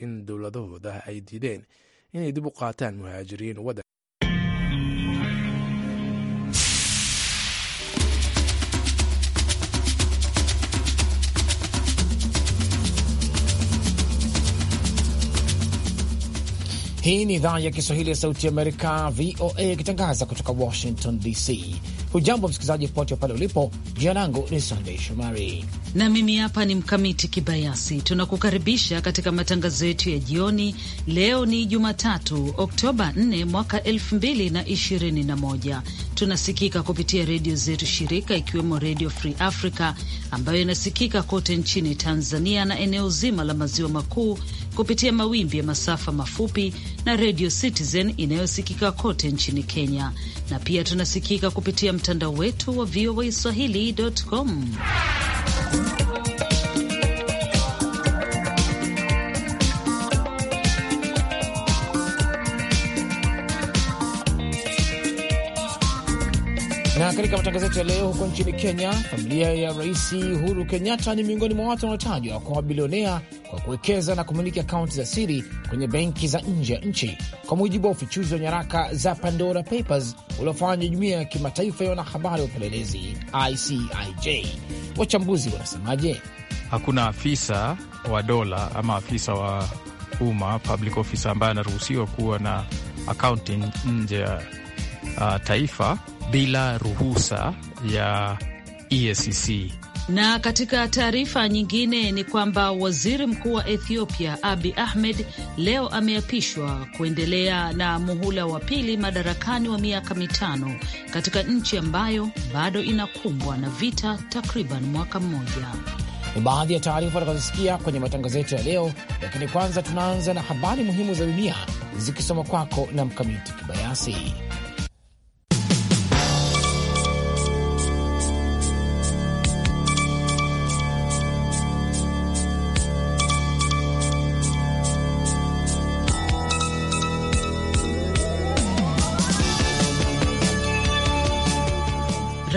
in dowladahooda ay diideen inay dib u qaataan muhaajiriin wadan Hii ni idhaa ya Kiswahili ya Sauti ya Amerika, VOA, ikitangaza kutoka Washington DC. Hujambo msikilizaji popote pale ulipo. Jina langu ni Sandey Shomari na mimi hapa ni Mkamiti Kibayasi. Tunakukaribisha katika matangazo yetu ya jioni. Leo ni Jumatatu, Oktoba 4 mwaka 2021. Tunasikika kupitia redio zetu shirika, ikiwemo Redio Free Africa ambayo inasikika kote nchini Tanzania na eneo zima la maziwa makuu kupitia mawimbi ya masafa mafupi na Radio Citizen inayosikika kote nchini Kenya, na pia tunasikika kupitia mtandao wetu wa VOA Swahili.com. Na katika matangazo yetu ya leo, huko nchini Kenya, familia ya Rais Uhuru Kenyatta ni miongoni mwa watu wanaotajwa kwa wabilionea kwa kuwekeza na kumiliki akaunti za siri kwenye benki za nje ya nchi, kwa mujibu wa ufichuzi wa nyaraka za Pandora Papers uliofanywa jumuiya ya kimataifa ya wanahabari wa upelelezi ICIJ. Wachambuzi wanasemaje? Hakuna afisa wa dola ama afisa wa umma public officer ambaye anaruhusiwa kuwa na akaunti nje ya uh, taifa bila ruhusa ya EACC na katika taarifa nyingine ni kwamba waziri mkuu wa Ethiopia Abi Ahmed leo ameapishwa kuendelea na muhula wa pili madarakani wa miaka mitano katika nchi ambayo bado inakumbwa na vita takriban mwaka mmoja. Ni baadhi ya taarifa utakazosikia kwenye matangazo yetu ya leo, lakini kwanza tunaanza na habari muhimu za dunia zikisoma kwako na Mkamiti Kibayasi.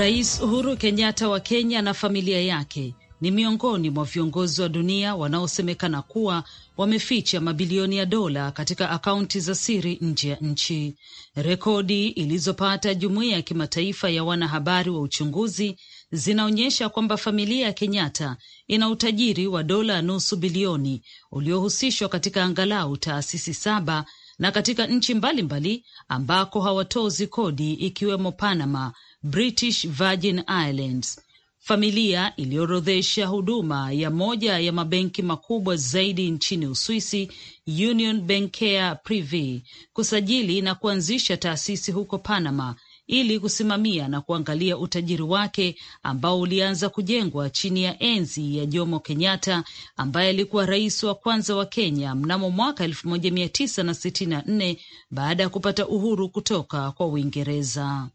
Rais Uhuru Kenyatta wa Kenya na familia yake ni miongoni mwa viongozi wa dunia wanaosemekana kuwa wameficha mabilioni ya dola katika akaunti za siri nje ya nchi. Rekodi ilizopata jumuiya ya kimataifa ya wanahabari wa uchunguzi zinaonyesha kwamba familia ya Kenyatta ina utajiri wa dola nusu bilioni uliohusishwa katika angalau taasisi saba na katika nchi mbalimbali ambako hawatozi kodi ikiwemo Panama, British Virgin Islands, familia iliyoorodhesha huduma ya moja ya mabenki makubwa zaidi nchini Uswisi, Union Bancaire Privé, kusajili na kuanzisha taasisi huko Panama ili kusimamia na kuangalia utajiri wake ambao ulianza kujengwa chini ya enzi ya Jomo Kenyatta ambaye alikuwa rais wa kwanza wa Kenya mnamo mwaka 1964 baada ya kupata uhuru kutoka kwa Uingereza.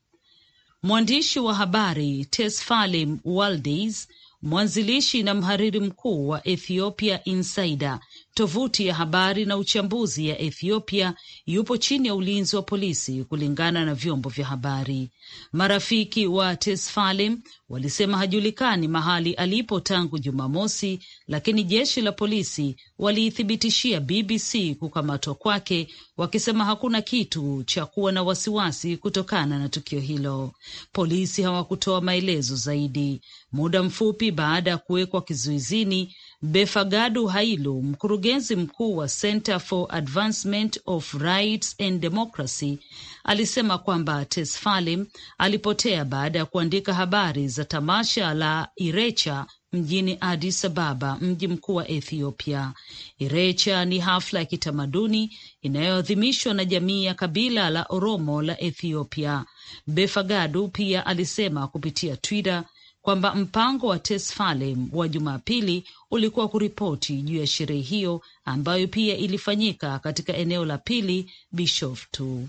Mwandishi wa habari Tesfalem waldis mwanzilishi na mhariri mkuu wa Ethiopia Insider Tovuti ya habari na uchambuzi ya Ethiopia yupo chini ya ulinzi wa polisi, kulingana na vyombo vya habari. Marafiki wa Tesfalem walisema hajulikani mahali alipo tangu Jumamosi, lakini jeshi la polisi waliithibitishia BBC kukamatwa kwake, wakisema hakuna kitu cha kuwa na wasiwasi kutokana na tukio hilo. Polisi hawakutoa maelezo zaidi. Muda mfupi baada ya kuwekwa kizuizini befagadu Hailu, mkurugenzi mkuu wa Center for Advancement of Rights and Democracy, alisema kwamba Tesfalim alipotea baada ya kuandika habari za tamasha la Irecha mjini Addis Ababa, mji mkuu wa Ethiopia. Irecha ni hafla ya kitamaduni inayoadhimishwa na jamii ya kabila la Oromo la Ethiopia. Befagadu pia alisema kupitia Twitter kwamba mpango wa Tesfalem wa Jumapili ulikuwa kuripoti juu ya sherehe hiyo ambayo pia ilifanyika katika eneo la pili Bishoftu.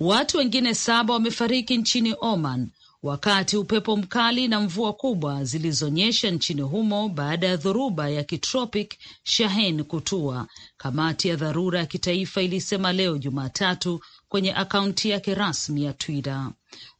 Watu wengine saba wamefariki nchini Oman wakati upepo mkali na mvua kubwa zilizonyesha nchini humo baada ya dhoruba ya kitropic Shahen kutua, kamati ya dharura ya kitaifa ilisema leo Jumatatu, kwenye akaunti yake rasmi ya Twitter.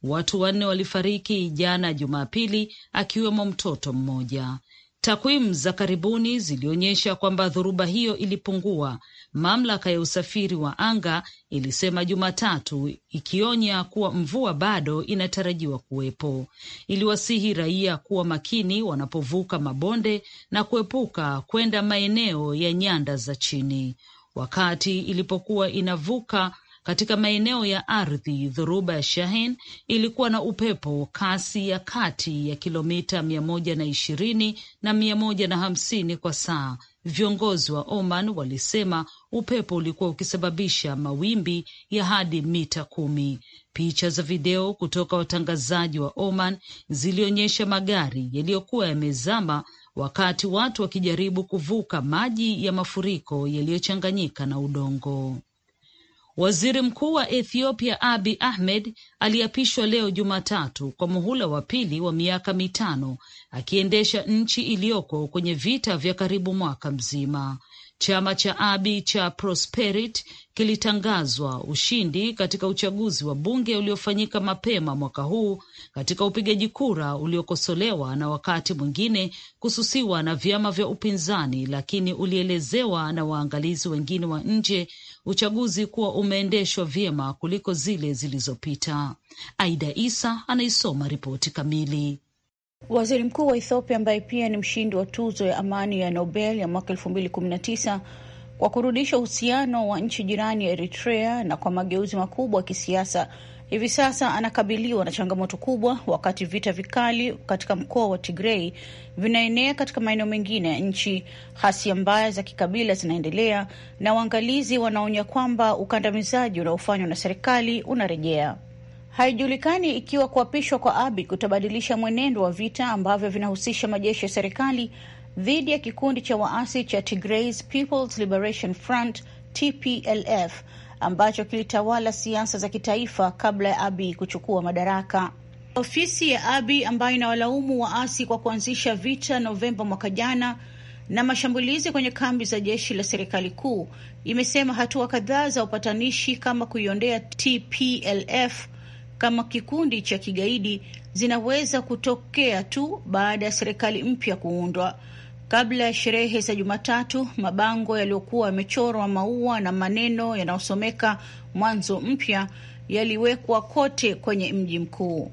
Watu wanne walifariki jana Jumapili, akiwemo mtoto mmoja. Takwimu za karibuni zilionyesha kwamba dhoruba hiyo ilipungua, mamlaka ya usafiri wa anga ilisema Jumatatu, ikionya kuwa mvua bado inatarajiwa kuwepo. Iliwasihi raia kuwa makini wanapovuka mabonde na kuepuka kwenda maeneo ya nyanda za chini. Wakati ilipokuwa inavuka katika maeneo ya ardhi, dhoruba ya Shahin ilikuwa na upepo kasi ya kati ya kilomita mia moja na ishirini na mia moja na hamsini kwa saa. Viongozi wa Oman walisema upepo ulikuwa ukisababisha mawimbi ya hadi mita kumi. Picha za video kutoka watangazaji wa Oman zilionyesha magari yaliyokuwa yamezama wakati watu wakijaribu kuvuka maji ya mafuriko yaliyochanganyika na udongo. Waziri mkuu wa Ethiopia Abi Ahmed aliapishwa leo Jumatatu kwa muhula wa pili wa miaka mitano, akiendesha nchi iliyoko kwenye vita vya karibu mwaka mzima chama cha Abi cha Prosperity kilitangazwa ushindi katika uchaguzi wa bunge uliofanyika mapema mwaka huu katika upigaji kura uliokosolewa na wakati mwingine kususiwa na vyama vya upinzani, lakini ulielezewa na waangalizi wengine wa nje uchaguzi kuwa umeendeshwa vyema kuliko zile zilizopita. Aida Isa anaisoma ripoti kamili. Waziri mkuu wa Ethiopia ambaye pia ni mshindi wa tuzo ya amani ya Nobel ya mwaka 2019 kwa kurudisha uhusiano wa nchi jirani ya Eritrea na kwa mageuzi makubwa ya kisiasa, hivi sasa anakabiliwa na changamoto kubwa, wakati vita vikali katika mkoa wa Tigrei vinaenea katika maeneo mengine ya nchi, hasia mbaya za kikabila zinaendelea, na waangalizi wanaonya kwamba ukandamizaji unaofanywa na serikali unarejea. Haijulikani ikiwa kuapishwa kwa Abi kutabadilisha mwenendo wa vita ambavyo vinahusisha majeshi ya serikali dhidi ya kikundi cha waasi cha Tigray People's Liberation Front TPLF ambacho kilitawala siasa za kitaifa kabla ya Abi kuchukua madaraka. Ofisi ya Abi ambayo inawalaumu waasi kwa kuanzisha vita Novemba mwaka jana na mashambulizi kwenye kambi za jeshi la serikali kuu imesema hatua kadhaa za upatanishi kama kuiondea TPLF kama kikundi cha kigaidi zinaweza kutokea tu baada ya serikali mpya kuundwa. Kabla ya sherehe za Jumatatu, mabango yaliyokuwa yamechorwa maua na maneno yanayosomeka mwanzo mpya yaliwekwa kote kwenye mji mkuu.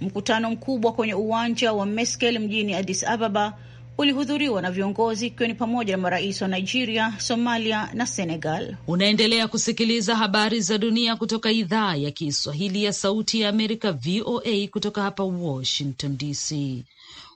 Mkutano mkubwa kwenye uwanja wa Meskel mjini Addis Ababa ulihudhuriwa na viongozi ikiwa ni pamoja na marais wa Nigeria, Somalia na Senegal. Unaendelea kusikiliza habari za dunia kutoka idhaa ya Kiswahili ya Sauti ya Amerika, VOA, kutoka hapa Washington DC.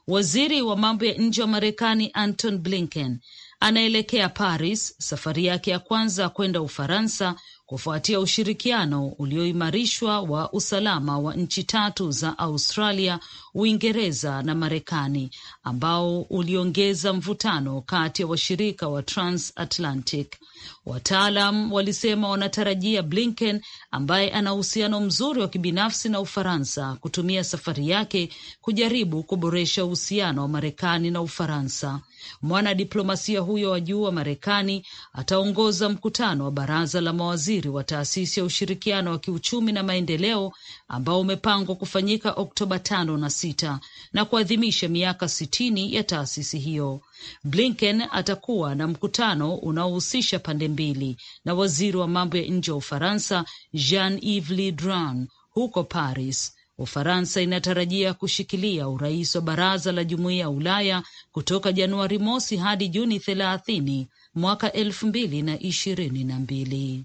Waziri wa mambo ya nje wa Marekani Anton Blinken anaelekea Paris, safari yake ya kwanza kwenda Ufaransa kufuatia ushirikiano ulioimarishwa wa usalama wa nchi tatu za Australia, Uingereza na Marekani ambao uliongeza mvutano kati ya washirika wa transatlantic. Wataalam walisema wanatarajia Blinken ambaye ana uhusiano mzuri wa kibinafsi na Ufaransa kutumia safari yake kujaribu kuboresha uhusiano wa Marekani na Ufaransa. Mwanadiplomasia huyo wa juu wa Marekani ataongoza mkutano wa baraza la mawaziri wa taasisi ya ushirikiano wa kiuchumi na maendeleo ambao umepangwa kufanyika Oktoba tano na sita na kuadhimisha miaka sitini ya taasisi hiyo. Blinken atakuwa na mkutano unaohusisha pande mbili na waziri wa mambo ya nje wa Ufaransa Jean Yves Le Drian huko Paris Ufaransa inatarajia kushikilia urais wa baraza la jumuiya ya Ulaya kutoka Januari mosi hadi Juni thelathini mwaka elfu mbili na ishirini na mbili.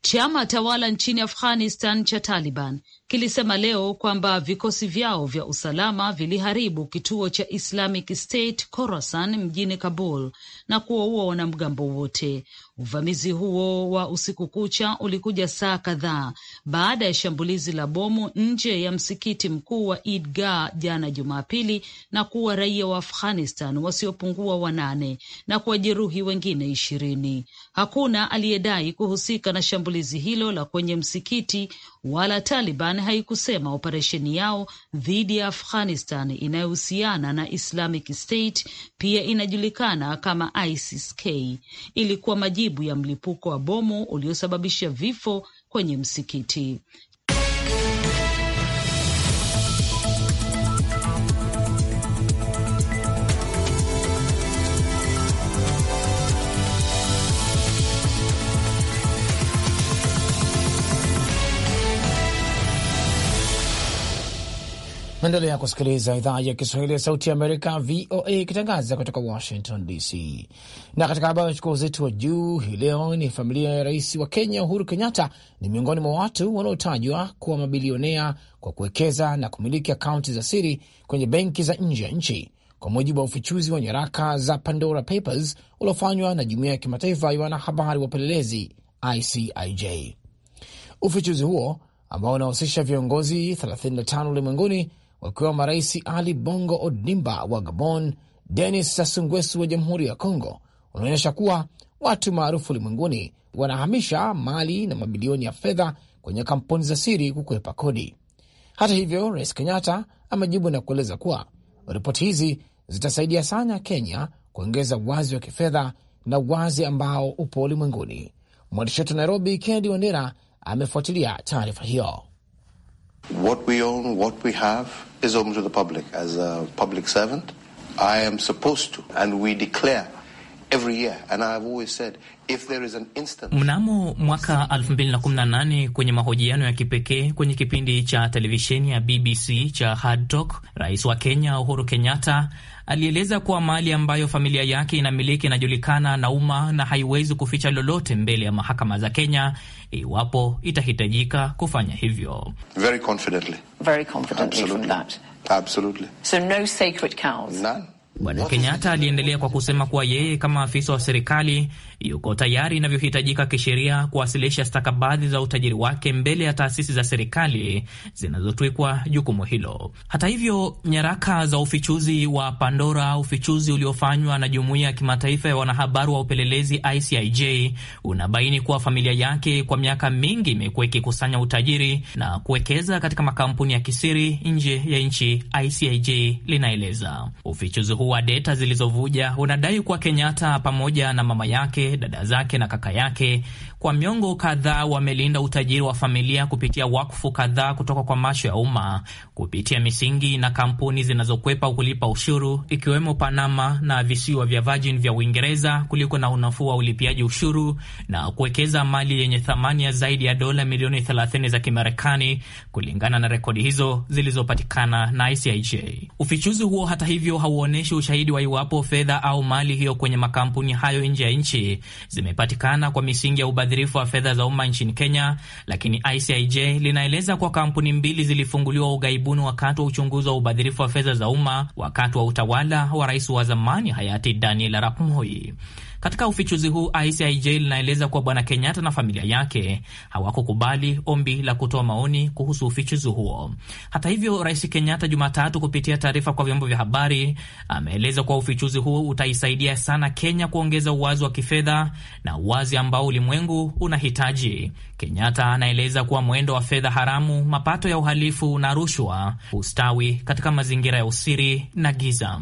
Chama tawala nchini Afghanistan cha Taliban kilisema leo kwamba vikosi vyao vya usalama viliharibu kituo cha Islamic State Khorasan mjini Kabul na kuwaua wanamgambo wote. Uvamizi huo wa usiku kucha ulikuja saa kadhaa baada ya shambulizi la bomu nje ya msikiti mkuu wa Idgah jana Jumapili na kuwa raia wa Afghanistan wasiopungua wanane na kuwajeruhi wengine ishirini. Hakuna aliyedai kuhusika na shambulizi hilo la kwenye msikiti wala Taliban haikusema operesheni yao dhidi ya Afghanistan inayohusiana na Islamic State pia inajulikana kama ISIS-K ilikuwa majibu ya mlipuko wa bomu uliosababisha vifo kwenye msikiti. Naendelea kusikiliza idhaa ya Kiswahili ya Sauti ya Amerika, VOA, ikitangaza kutoka Washington DC. Na katika habari ya chukua uzito wa juu hii leo ni familia ya rais wa Kenya Uhuru Kenyatta ni miongoni mwa watu wanaotajwa kuwa mabilionea kwa kuwekeza na kumiliki akaunti za siri kwenye benki za nje ya nchi, kwa mujibu wa ufichuzi wa nyaraka za Pandora Papers uliofanywa na jumuiya ya kimataifa ya wanahabari wa upelelezi ICIJ. Ufichuzi huo ambao unahusisha viongozi 35 ulimwenguni wakiwa marais Ali Bongo odimba wa Gabon, Denis Sassou Nguesso wa Jamhuri ya Kongo, unaonyesha kuwa watu maarufu ulimwenguni wanahamisha mali na mabilioni ya fedha kwenye kampuni za siri kukwepa kodi. Hata hivyo, Rais Kenyatta amejibu na kueleza kuwa ripoti hizi zitasaidia sana Kenya kuongeza uwazi wa kifedha na uwazi ambao upo ulimwenguni. Mwandishi wetu Nairobi, Kennedy Wandera, amefuatilia taarifa hiyo. What we own, what we have. is open to the public as a public servant. I am supposed to, and we declare Mnamo mwaka 2018 kwenye mahojiano ya kipekee kwenye kipindi cha televisheni ya BBC cha Hard Talk, rais wa Kenya Uhuru Kenyatta alieleza kuwa mali ambayo familia yake inamiliki inajulikana na umma na haiwezi kuficha lolote mbele ya mahakama za Kenya iwapo itahitajika kufanya hivyo. Very confidently. Very confidently Absolutely. From that. Absolutely. So no sacred cows. None. Bwana Kenyatta aliendelea kwa kusema kuwa yeye kama afisa wa serikali yuko tayari inavyohitajika kisheria kuwasilisha stakabadhi za utajiri wake mbele ya taasisi za serikali zinazotwikwa jukumu hilo. Hata hivyo, nyaraka za ufichuzi wa Pandora, ufichuzi uliofanywa na jumuiya ya kimataifa ya wanahabari wa upelelezi ICIJ, unabaini kuwa familia yake kwa miaka mingi imekuwa ikikusanya utajiri na kuwekeza katika makampuni ya kisiri nje ya nchi, ICIJ linaeleza. Ufichuzi huu wa deta zilizovuja unadai kuwa Kenyatta pamoja na mama yake, dada zake na kaka yake kwa miongo kadhaa wamelinda utajiri wa familia kupitia wakfu kadhaa kutoka kwa macho ya umma kupitia misingi na kampuni zinazokwepa kulipa ushuru ikiwemo Panama na visiwa vya Virgin vya Uingereza kuliko na unafuu wa ulipiaji ushuru na kuwekeza mali yenye thamani ya zaidi ya dola milioni 30 za Kimarekani kulingana na rekodi hizo zilizopatikana na ICIJ. Ufichuzi huo hata hivyo hauonyeshi ushahidi wa iwapo fedha au mali hiyo kwenye makampuni hayo nje ya nchi zimepatikana kwa misingi ya ubadhi ubadhirifu wa fedha za umma nchini Kenya, lakini ICIJ linaeleza kuwa kampuni mbili zilifunguliwa ughaibuni wakati wa uchunguzi wa ubadhirifu wa fedha za umma wakati wa utawala wa rais wa zamani hayati Daniel Arap Moi. Katika ufichuzi huu, ICIJ linaeleza kuwa Bwana Kenyatta na familia yake hawakukubali ombi la kutoa maoni kuhusu ufichuzi huo. Hata hivyo, Rais Kenyatta Jumatatu, kupitia taarifa kwa vyombo vya habari, ameeleza kuwa ufichuzi huo utaisaidia sana Kenya kuongeza uwazi wa kifedha na uwazi ambao ulimwengu unahitaji. Kenyatta anaeleza kuwa mwendo wa fedha haramu, mapato ya uhalifu na rushwa ustawi katika mazingira ya usiri na giza.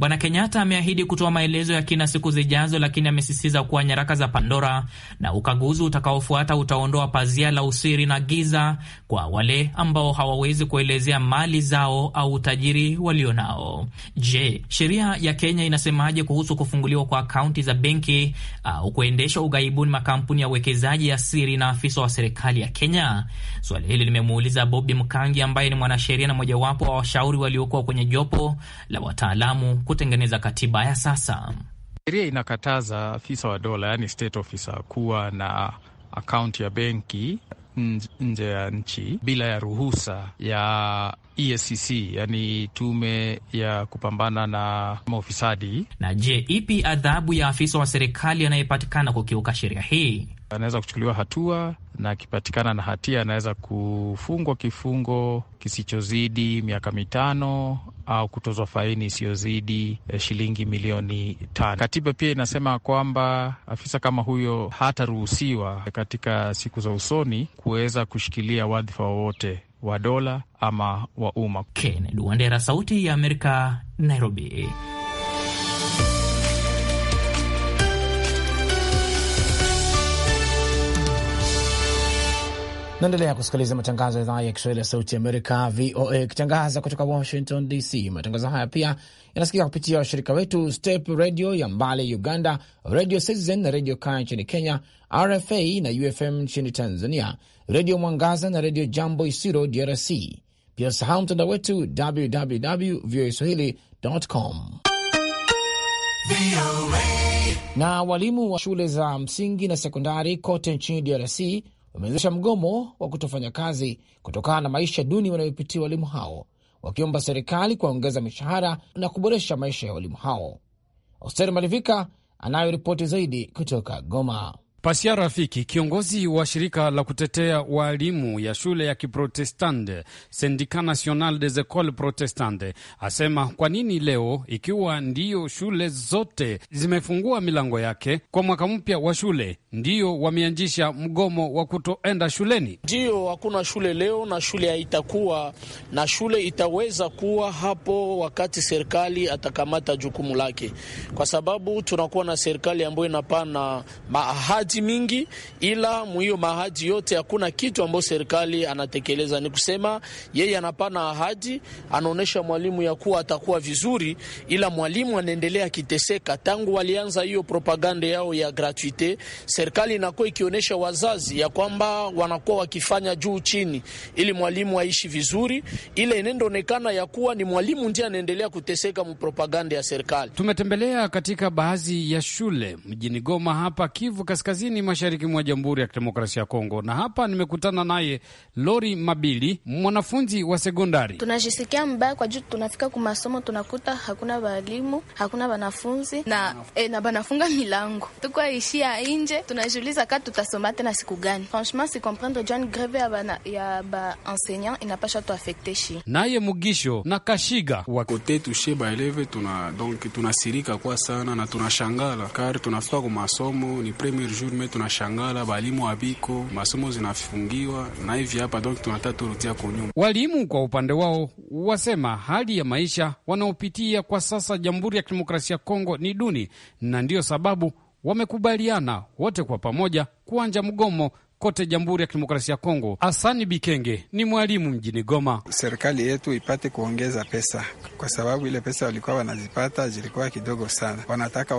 Bwana Kenyatta ameahidi kutoa maelezo ya kina siku zijazo, lakini amesisitiza kuwa nyaraka za Pandora na ukaguzi utakaofuata utaondoa pazia la usiri na giza kwa wale ambao hawawezi kuelezea mali zao au utajiri walionao. Je, sheria ya Kenya inasemaje kuhusu kufunguliwa kwa akaunti za benki au kuendesha ughaibuni makampuni ya uwekezaji ya siri na afisa wa serikali ya Kenya? Swali hili limemuuliza Bobi Mkangi ambaye ni mwanasheria na mojawapo wa washauri waliokuwa kwenye jopo la wataalamu kutengeneza katiba ya sasa. Sheria inakataza afisa wa dola, yani state officer, kuwa na akaunti ya benki nje ya nchi bila ya ruhusa ya EACC, e yani tume ya kupambana na maufisadi. Na je, ipi adhabu ya afisa wa serikali anayepatikana kukiuka sheria hii? Anaweza kuchukuliwa hatua na akipatikana na hatia anaweza kufungwa kifungo kisichozidi miaka mitano au kutozwa faini isiyozidi eh, shilingi milioni tano. Katiba pia inasema kwamba afisa kama huyo hataruhusiwa katika siku za usoni kuweza kushikilia wadhifa wowote wa dola ama wa umma. Kennedy Wandera, Sauti ya Amerika, Nairobi. Naendelea kusikiliza matangazo ya idhaa ya Kiswahili ya Sauti Amerika, VOA, ikitangaza kutoka Washington DC. Matangazo haya pia yanasikika kupitia washirika wetu Step Radio ya Mbale Uganda, Radio Citizen na redio Kaya nchini Kenya, RFA na UFM nchini Tanzania, Redio Mwangaza na Redio Jambo Isiro DRC. Pia sahau mtandao wetu www voa swahili.com na walimu wa shule za msingi na sekondari kote nchini DRC wameanzisha mgomo wa kutofanya kazi kutokana na maisha duni wanayopitia walimu hao, wakiomba serikali kuwaongeza mishahara na kuboresha maisha ya walimu hao. Osteri Malivika anayo ripoti zaidi kutoka Goma. Pasia Rafiki, kiongozi wa shirika la kutetea waalimu ya shule ya Kiprotestante Syndicat National des Ecoles Protestantes, asema kwa nini leo ikiwa ndiyo shule zote zimefungua milango yake kwa mwaka mpya wa shule, ndiyo wameanzisha mgomo wa kutoenda shuleni? Ndiyo, hakuna shule leo na shule haitakuwa na shule itaweza kuwa hapo wakati serikali atakamata jukumu lake, kwa sababu tunakuwa na serikali ambayo inapana maahadi miti mingi, ila mwiyo mahaji yote hakuna kitu ambayo serikali anatekeleza. Ni kusema yeye anapana ahadi, anaonesha mwalimu ya kuwa atakuwa vizuri, ila mwalimu anaendelea akiteseka. Tangu walianza hiyo propaganda yao ya gratuite, serikali inakuwa ikionyesha wazazi ya kwamba wanakuwa wakifanya juu chini ili mwalimu aishi vizuri, ila inaendoonekana ya kuwa ni mwalimu ndiye anaendelea kuteseka mupropaganda ya serikali. Tumetembelea katika baadhi ya shule mjini Goma hapa Kivu Kaskazini kaskazini mashariki mwa Jamhuri ya Kidemokrasia ya Kongo, na hapa nimekutana naye Lori Mabili, mwanafunzi wa sekondari. Tunajisikia mbaya kwa juu tunafika ku masomo tunakuta hakuna walimu, hakuna wanafunzi na e, na banafunga milango, tukwaishia nje. Tunajiuliza ka tutasoma tena siku gani? Franchement si comprendre jan greve ya ba, ya ba enseignant inapasha tuafekte shi naye Mugisho na Kashiga wakote tushe baeleve tuna donc tunasirika kwa sana na tunashangala kari tunafika ku masomo ni premier jour me tunashangala balimu abiko masomo zinafungiwa na hivi hapa, donc tunataka turudia kunyuma. Walimu kwa upande wao wasema hali ya maisha wanaopitia kwa sasa Jamhuri ya Kidemokrasia ya Kongo ni duni, na ndiyo sababu wamekubaliana wote kwa pamoja kuanja mgomo kote Jamhuri ya Kidemokrasia ya Kongo. Hasani Bikenge ni mwalimu mjini Goma. Serikali yetu ipate kuongeza pesa, kwa sababu ile pesa walikuwa wanazipata zilikuwa kidogo sana. Wanataka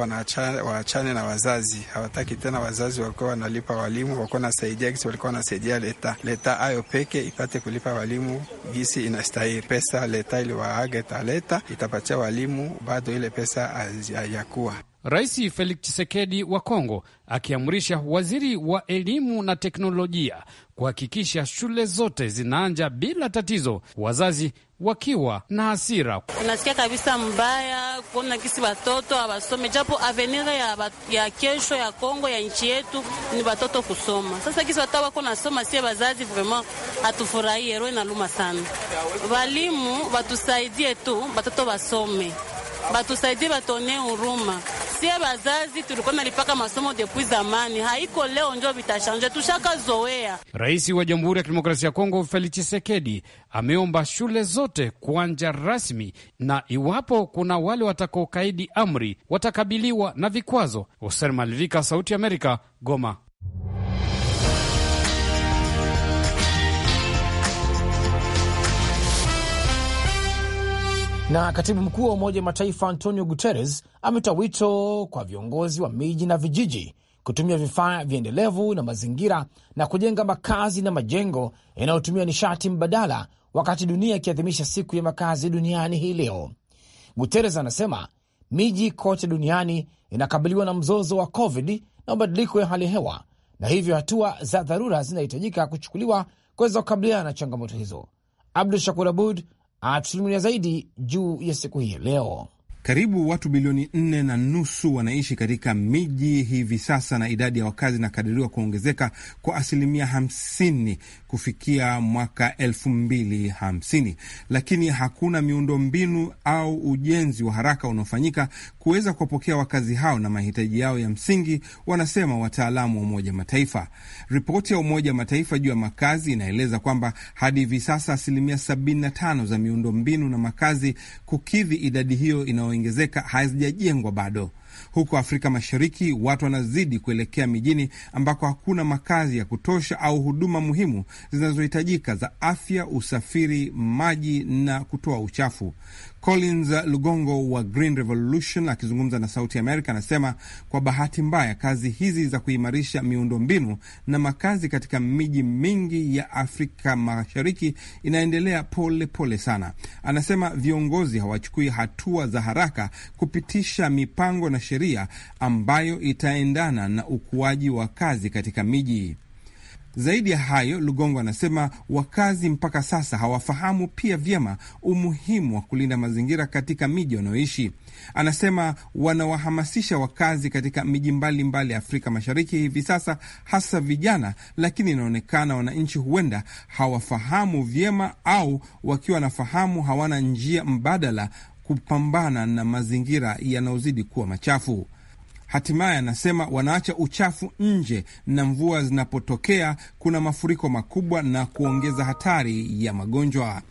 waachane na wazazi, hawataki tena wazazi walikuwa wanalipa walimu, walikuwa wanasaidia gisi walikuwa wanasaidia leta leta, ayo peke ipate kulipa walimu gisi inastahili. Pesa leta iliwaaga italeta itapatia walimu, bado ile pesa hayakuwa Rais Felix Tshisekedi wa Kongo akiamrisha waziri wa elimu na teknolojia kuhakikisha shule zote zinaanja bila tatizo, wazazi wakiwa na hasira. Unasikia kabisa mbaya kuona kisi watoto hawasome, japo avenir ya, ya kesho ya Kongo ya nchi yetu ni watoto kusoma. Sasa kisi watoto wako nasoma, sie wazazi vrema hatufurahie, roho inaluma sana. Walimu watusaidie tu watoto wasome batusaidie, batone huruma. Sie bazazi tulikuwa nalipaka masomo depuis zamani, haiko leo njo vitashanje, zoea. Rais wa Jamhuri ya Kidemokrasia ya Kongo Felix Tshisekedi ameomba shule zote kuanja rasmi, na iwapo kuna wale watakaokaidi amri watakabiliwa na vikwazo. Hoser Malvika, Sauti Amerika, Goma. Na katibu mkuu wa Umoja wa Mataifa Antonio Guterres ametoa wito kwa viongozi wa miji na vijiji kutumia vifaa viendelevu na mazingira na kujenga makazi na majengo yanayotumia nishati mbadala, wakati dunia ikiadhimisha siku ya makazi duniani hii leo. Guterres anasema miji kote duniani inakabiliwa na mzozo wa COVID na mabadiliko ya hali ya hewa, na hivyo hatua za dharura zinahitajika kuchukuliwa kuweza kukabiliana na changamoto hizo. Abdu Shakur Abud atusimulia zaidi juu ya siku hii leo. Karibu watu bilioni nne na nusu wanaishi katika miji hivi sasa, na idadi ya wakazi inakadiriwa kuongezeka kwa asilimia hamsini kufikia mwaka elfu mbili hamsini, lakini hakuna miundombinu au ujenzi wa haraka unaofanyika kuweza kuwapokea wakazi hao na mahitaji yao ya msingi, wanasema wataalamu wa Umoja Mataifa. Ripoti ya Umoja Mataifa juu ya makazi inaeleza kwamba hadi hivi sasa asilimia 75 za miundombinu na makazi kukidhi idadi hiyo ina unaoongezeka hazijajengwa bado. Huko Afrika Mashariki, watu wanazidi kuelekea mijini ambako hakuna makazi ya kutosha au huduma muhimu zinazohitajika za afya, usafiri, maji na kutoa uchafu. Collins Lugongo wa Green Revolution akizungumza na Sauti Amerika anasema kwa bahati mbaya, kazi hizi za kuimarisha miundombinu na makazi katika miji mingi ya Afrika Mashariki inaendelea pole pole sana. Anasema viongozi hawachukui hatua za haraka kupitisha mipango na sheria ambayo itaendana na ukuaji wa kazi katika miji. Zaidi ya hayo, Lugongo anasema wakazi mpaka sasa hawafahamu pia vyema umuhimu wa kulinda mazingira katika miji wanaoishi. Anasema wanawahamasisha wakazi katika miji mbalimbali ya Afrika Mashariki hivi sasa, hasa vijana, lakini inaonekana wananchi huenda hawafahamu vyema, au wakiwa wanafahamu hawana njia mbadala kupambana na mazingira yanayozidi kuwa machafu. Hatimaye anasema wanaacha uchafu nje, na mvua zinapotokea kuna mafuriko makubwa na kuongeza hatari ya magonjwa.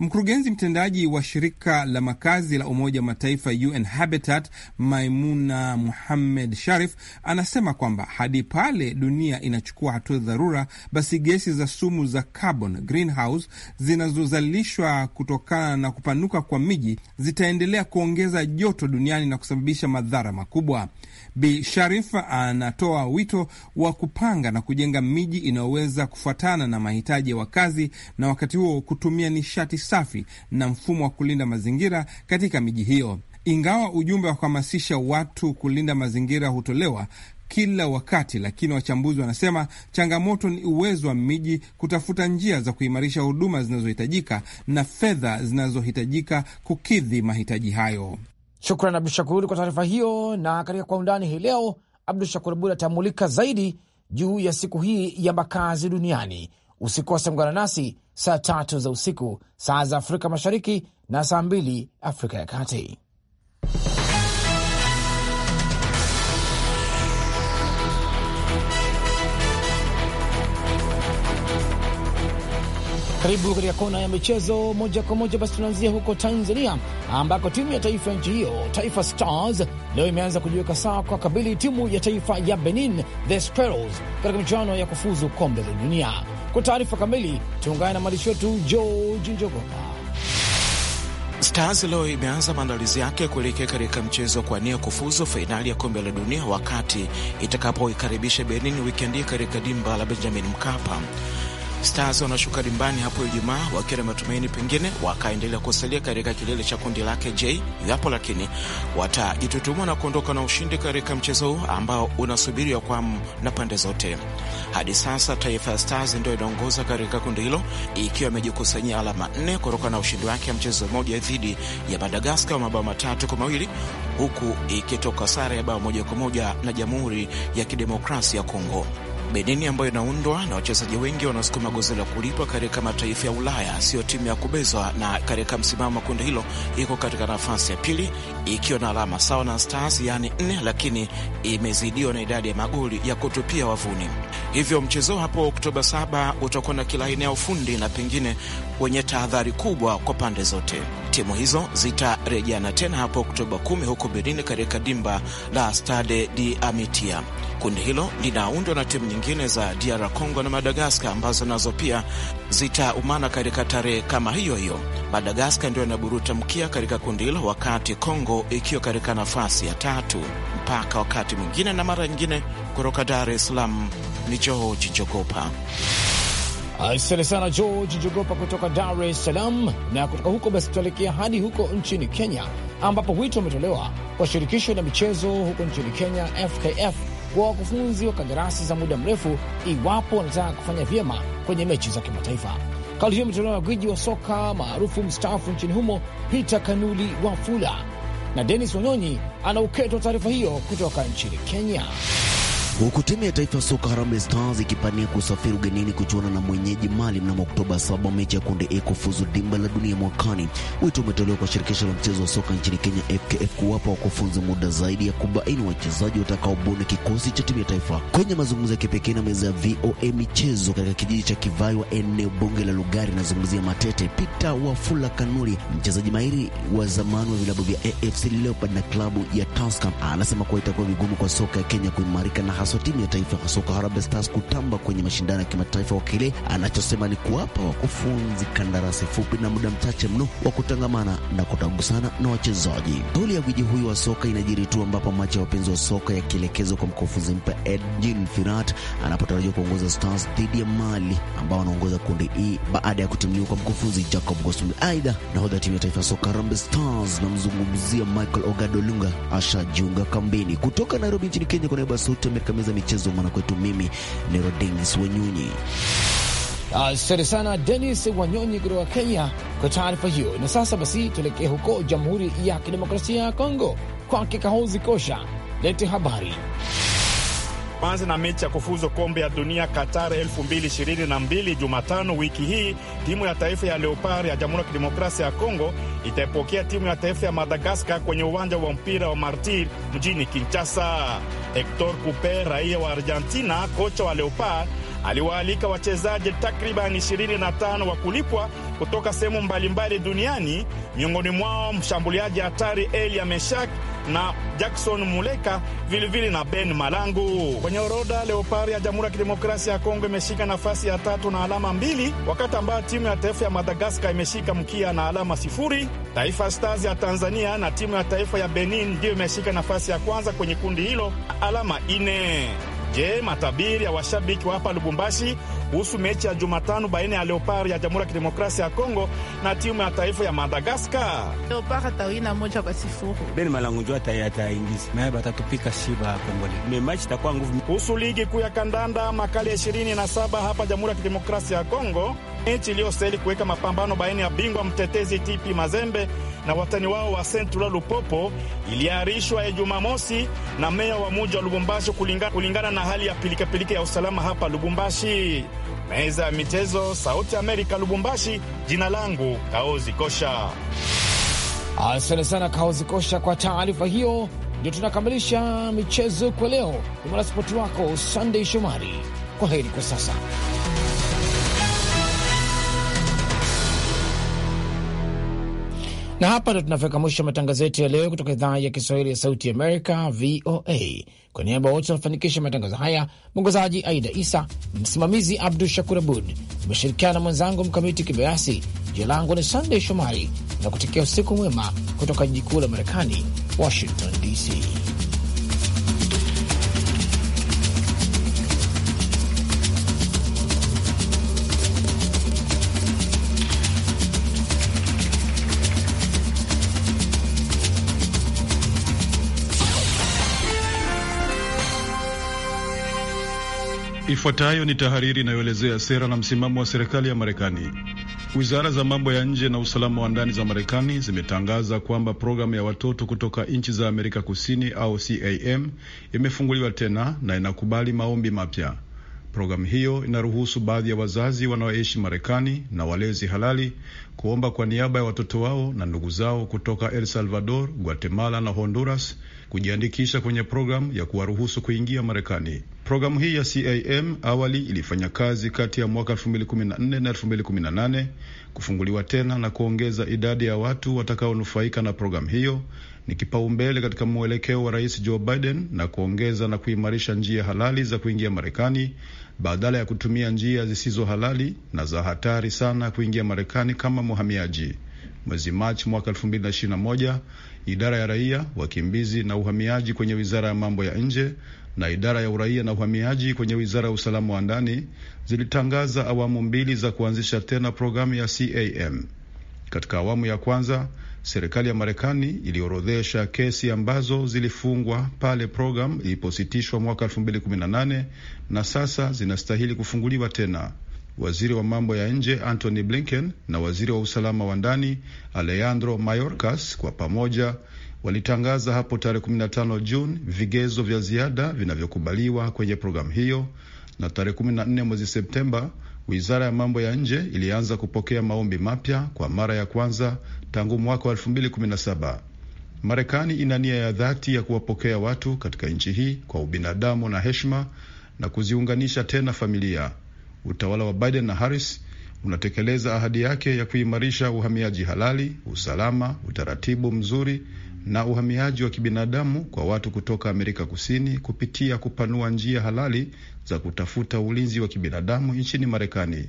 Mkurugenzi mtendaji wa shirika la makazi la Umoja wa Mataifa UN Habitat, Maimuna Muhammed Sharif, anasema kwamba hadi pale dunia inachukua hatua dharura, basi gesi za sumu za carbon greenhouse zinazozalishwa kutokana na kupanuka kwa miji zitaendelea kuongeza joto duniani na kusababisha madhara makubwa. Bi Sharif anatoa wito wa kupanga na kujenga miji inayoweza kufuatana na mahitaji ya wakazi na wakati huo kutumia nishati safi na mfumo wa kulinda mazingira katika miji hiyo. Ingawa ujumbe wa kuhamasisha watu kulinda mazingira hutolewa kila wakati, lakini wachambuzi wanasema changamoto ni uwezo wa miji kutafuta njia za kuimarisha huduma zinazohitajika na fedha zinazohitajika kukidhi mahitaji hayo. Shukran Abdu Shakur kwa taarifa hiyo. Na katika kwa undani hii leo, Abdu Shakur Abud atamulika zaidi juu ya siku hii ya makazi duniani. Usikose, ungana nasi saa tatu za usiku saa za Afrika Mashariki na saa mbili Afrika ya Kati. Karibu katika kona ya michezo moja kwa moja. Basi tunaanzia huko Tanzania, ambako timu ya taifa ya nchi hiyo Taifa Stars leo imeanza kujiweka sawa kwa kabili timu ya taifa ya Benin, the Sparrows, katika michuano ya kufuzu kombe la dunia. Kwa taarifa kamili, tuungane na mwandishi wetu George Njogopa. Stars leo imeanza maandalizi yake kuelekea katika mchezo kwa kuania kufuzu fainali ya kombe la dunia wakati itakapoikaribisha Benin wikendi katika dimba la Benjamin Mkapa. Stars wanashuka dimbani hapo Ijumaa wakiwa na matumaini pengine wakaendelea kusalia katika kilele cha kundi lake J, iwapo lakini watajitutumwa na kuondoka na ushindi katika mchezo huu ambao unasubiriwa kwa na pande zote. Hadi sasa Taifa Stars ndio inaongoza katika kundi hilo ikiwa imejikusanyia alama nne kutokana na ushindi wake mchezo mmoja dhidi ya Madagaskar wa mabao matatu kwa mawili huku ikitoka sare ya bao moja kwa moja na Jamhuri ya Kidemokrasia ya Kongo. Benini ambayo inaundwa na wachezaji wengi wanaosukuma gozi la kulipwa katika mataifa ya Ulaya, siyo timu ya kubezwa, na katika msimamo wa kundi hilo iko katika nafasi ya pili ikiwa na alama sawa na Stars yaani nne, lakini imezidiwa na idadi ya magoli ya kutupia wavuni. Hivyo mchezo hapo Oktoba saba utakuwa na kila aina ya ufundi na pengine wenye tahadhari kubwa kwa pande zote. Timu hizo zitarejeana tena hapo Oktoba kumi huko Berlin katika dimba la Stade di Amitia. Kundi hilo linaundwa na timu nyingine za DR Congo na Madagaskar ambazo nazo pia zitaumana katika tarehe kama hiyo hiyo. Madagaskar ndio inaburuta mkia katika kundi hilo, wakati Congo ikiwa katika nafasi ya tatu mpaka wakati mwingine na mara nyingine. Kutoka Dar es Salaam ni George Jogopa. Asante sana George Jogopa kutoka Dar es Salaam. Na kutoka huko basi, tutaelekea hadi huko nchini Kenya, ambapo wito umetolewa kwa shirikisho la michezo huko nchini Kenya, FKF, kwa wakufunzi wa kandarasi za muda mrefu iwapo wanataka kufanya vyema kwenye mechi za kimataifa. Kauli hiyo imetolewa na gwiji wa soka maarufu mstaafu nchini humo Peter Kanuli Wafula na Denis Wanyonyi anauketwa taarifa hiyo kutoka nchini Kenya. Huku timu ya taifa soka Harambee Stars ikipania kusafiri ugenini kuchuana na mwenyeji Mali mnamo Oktoba 7, mechi ya kundi A kufuzu dimba la dunia mwakani. Wito umetolewa kwa shirikisho la mchezo wa soka nchini Kenya FKF kuwapa wakufunzi muda zaidi ya kubaini wachezaji watakaobuni kikosi cha timu ya taifa. Kwenye mazungumzo ya kipekee na meza ya VOA michezo katika kijiji cha Kivaiwa, eneo bunge la Lugari, nazungumzia Matete, Peter Wafula Kanuri, mchezaji mahiri wa zamani wa vilabu vya AFC Leopards na klabu ya Tusker, anasema kuwa itakuwa vigumu kwa soka ya Kenya kuimarika na inapaswa timu ya taifa ya soka Harambee Stars kutamba kwenye mashindano ya kimataifa kwa kile anachosema ni kuwapa wakufunzi kandarasi fupi na muda mchache mno wa kutangamana na kutagusana na wachezaji. Kauli ya gwiji huyu wa soka inajiri tu ambapo macho ya wapenzi wa soka yakielekezwa kwa mkufunzi mpya Edgin Firat anapotarajiwa kuongoza Stars dhidi ya Mali ambao wanaongoza kundi E baada ya kutimuliwa kwa mkufunzi Jacob Gosmil. Aidha, nahodha timu ya taifa soka Harambee Stars namzungumzia Michael Ogadolunga ashajiunga kambini kutoka Nairobi nchini Kenya kwa niaba ya Sauti ya Amerika meza michezo mwanakwetu, mimi ni Rodings Wanyonyi. Asante sana Denis Wanyonyi kutoka Kenya kwa taarifa hiyo. Na sasa basi tuelekee huko Jamhuri ya Kidemokrasia ya Kongo kwake Kahozi Kosha lete habari panzi na mechi ya kufuzu kombe ya dunia Qatar 2022 Jumatano wiki hii, timu ya taifa ya Leopard ya Jamhuri ya Kidemokrasia ya Kongo itaipokea timu ya taifa ya Madagaskar kwenye uwanja wa mpira wa Martir mjini Kinshasa. Hector Cuper, raia wa Argentina, kocha wa Leopard, aliwaalika wachezaji takriban 25 wa kulipwa kutoka sehemu mbalimbali duniani, miongoni mwao mshambuliaji hatari Elia Meshak na Jackson Muleka vilevile na Ben Malangu. Kwenye orodha, Leopard ya Jamhuri ya Kidemokrasia ya Kongo imeshika nafasi ya tatu na alama mbili, wakati ambayo timu ya taifa ya Madagaskar imeshika mkia na alama sifuri. Taifa Stars ya Tanzania na timu ya taifa ya Benin ndiyo imeshika nafasi ya kwanza kwenye kundi hilo, alama ine. Je, matabiri ya washabiki wa hapa Lubumbashi kuhusu mechi ya Jumatano baina ya Leopard ya Jamhuri ya Kidemokrasia ya Kongo na timu ya taifa ya Madagaskar. Kuhusu ligi kuu ya kandanda makali ya saba hapa Jamhuri ya Kidemokrasia ya Kongo, mechi iliyostahili kuweka mapambano baina ya bingwa mtetezi TP Mazembe na watani wao wa Sentura Lupopo iliahirishwa ya Jumamosi na meya wa muji wa Lubumbashi kulingana, kulingana na hali ya pilikapilika ya usalama hapa Lubumbashi. Meza ya michezo, Sauti Amerika, Lubumbashi. Jina langu Kaozi Kosha. Asante sana Kaozi Kosha kwa taarifa hiyo. Ndio tunakamilisha michezo kwa leo. Ni mwanaspoti wako Sandey Shomari. Kwa heri kwa sasa. Na hapa ndo tunafika mwisho matangazo yetu ya leo kutoka idhaa ya Kiswahili ya Sauti Amerika, VOA. Kwa niaba wote wanafanikisha matangazo haya, mwongozaji Aida Isa, msimamizi Abdu Shakur Abud, imeshirikiana na mwenzangu Mkamiti Kibayasi. Jina langu ni Sandey Shomari na kutekea usiku mwema kutoka jiji kuu la Marekani, Washington DC. Ifuatayo ni tahariri inayoelezea sera na msimamo wa serikali ya Marekani. Wizara za mambo ya nje na usalama wa ndani za Marekani zimetangaza kwamba programu ya watoto kutoka nchi za Amerika Kusini au CAM imefunguliwa tena na inakubali maombi mapya. Programu hiyo inaruhusu baadhi ya wazazi wanaoishi Marekani na walezi halali kuomba kwa niaba ya watoto wao na ndugu zao kutoka El Salvador, Guatemala na Honduras kujiandikisha kwenye programu ya kuwaruhusu kuingia Marekani. Programu hii ya CAM awali ilifanya kazi kati ya mwaka 2014 na 2018, kufunguliwa tena na kuongeza idadi ya watu watakaonufaika na programu hiyo ni kipaumbele katika mwelekeo wa Rais Joe Biden na kuongeza na kuimarisha njia halali za kuingia Marekani badala ya kutumia njia zisizo halali na za hatari sana kuingia Marekani kama muhamiaji. Mwezi Machi mwaka 2021, idara ya raia, wakimbizi na uhamiaji kwenye wizara ya mambo ya nje na idara ya uraia na uhamiaji kwenye wizara ya usalama wa ndani zilitangaza awamu mbili za kuanzisha tena programu ya CAM. Katika awamu ya kwanza, serikali ya Marekani iliorodhesha kesi ambazo zilifungwa pale programu ilipositishwa mwaka 2018 na sasa zinastahili kufunguliwa tena. Waziri wa mambo ya nje Antony Blinken na waziri wa usalama wa ndani Alejandro Mayorkas kwa pamoja walitangaza hapo tarehe 15 Juni vigezo vya ziada vinavyokubaliwa kwenye programu hiyo, na tarehe 14 mwezi Septemba wizara ya mambo ya nje ilianza kupokea maombi mapya kwa mara ya kwanza tangu mwaka wa 2017. Marekani ina nia ya dhati ya kuwapokea watu katika nchi hii kwa ubinadamu na heshima na kuziunganisha tena familia. Utawala wa Biden na Harris unatekeleza ahadi yake ya kuimarisha uhamiaji halali, usalama, utaratibu mzuri na uhamiaji wa kibinadamu kwa watu kutoka Amerika Kusini kupitia kupanua njia halali za kutafuta ulinzi wa kibinadamu nchini Marekani.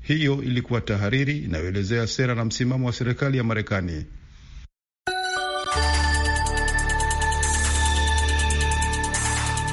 Hiyo ilikuwa tahariri inayoelezea sera na msimamo wa serikali ya Marekani.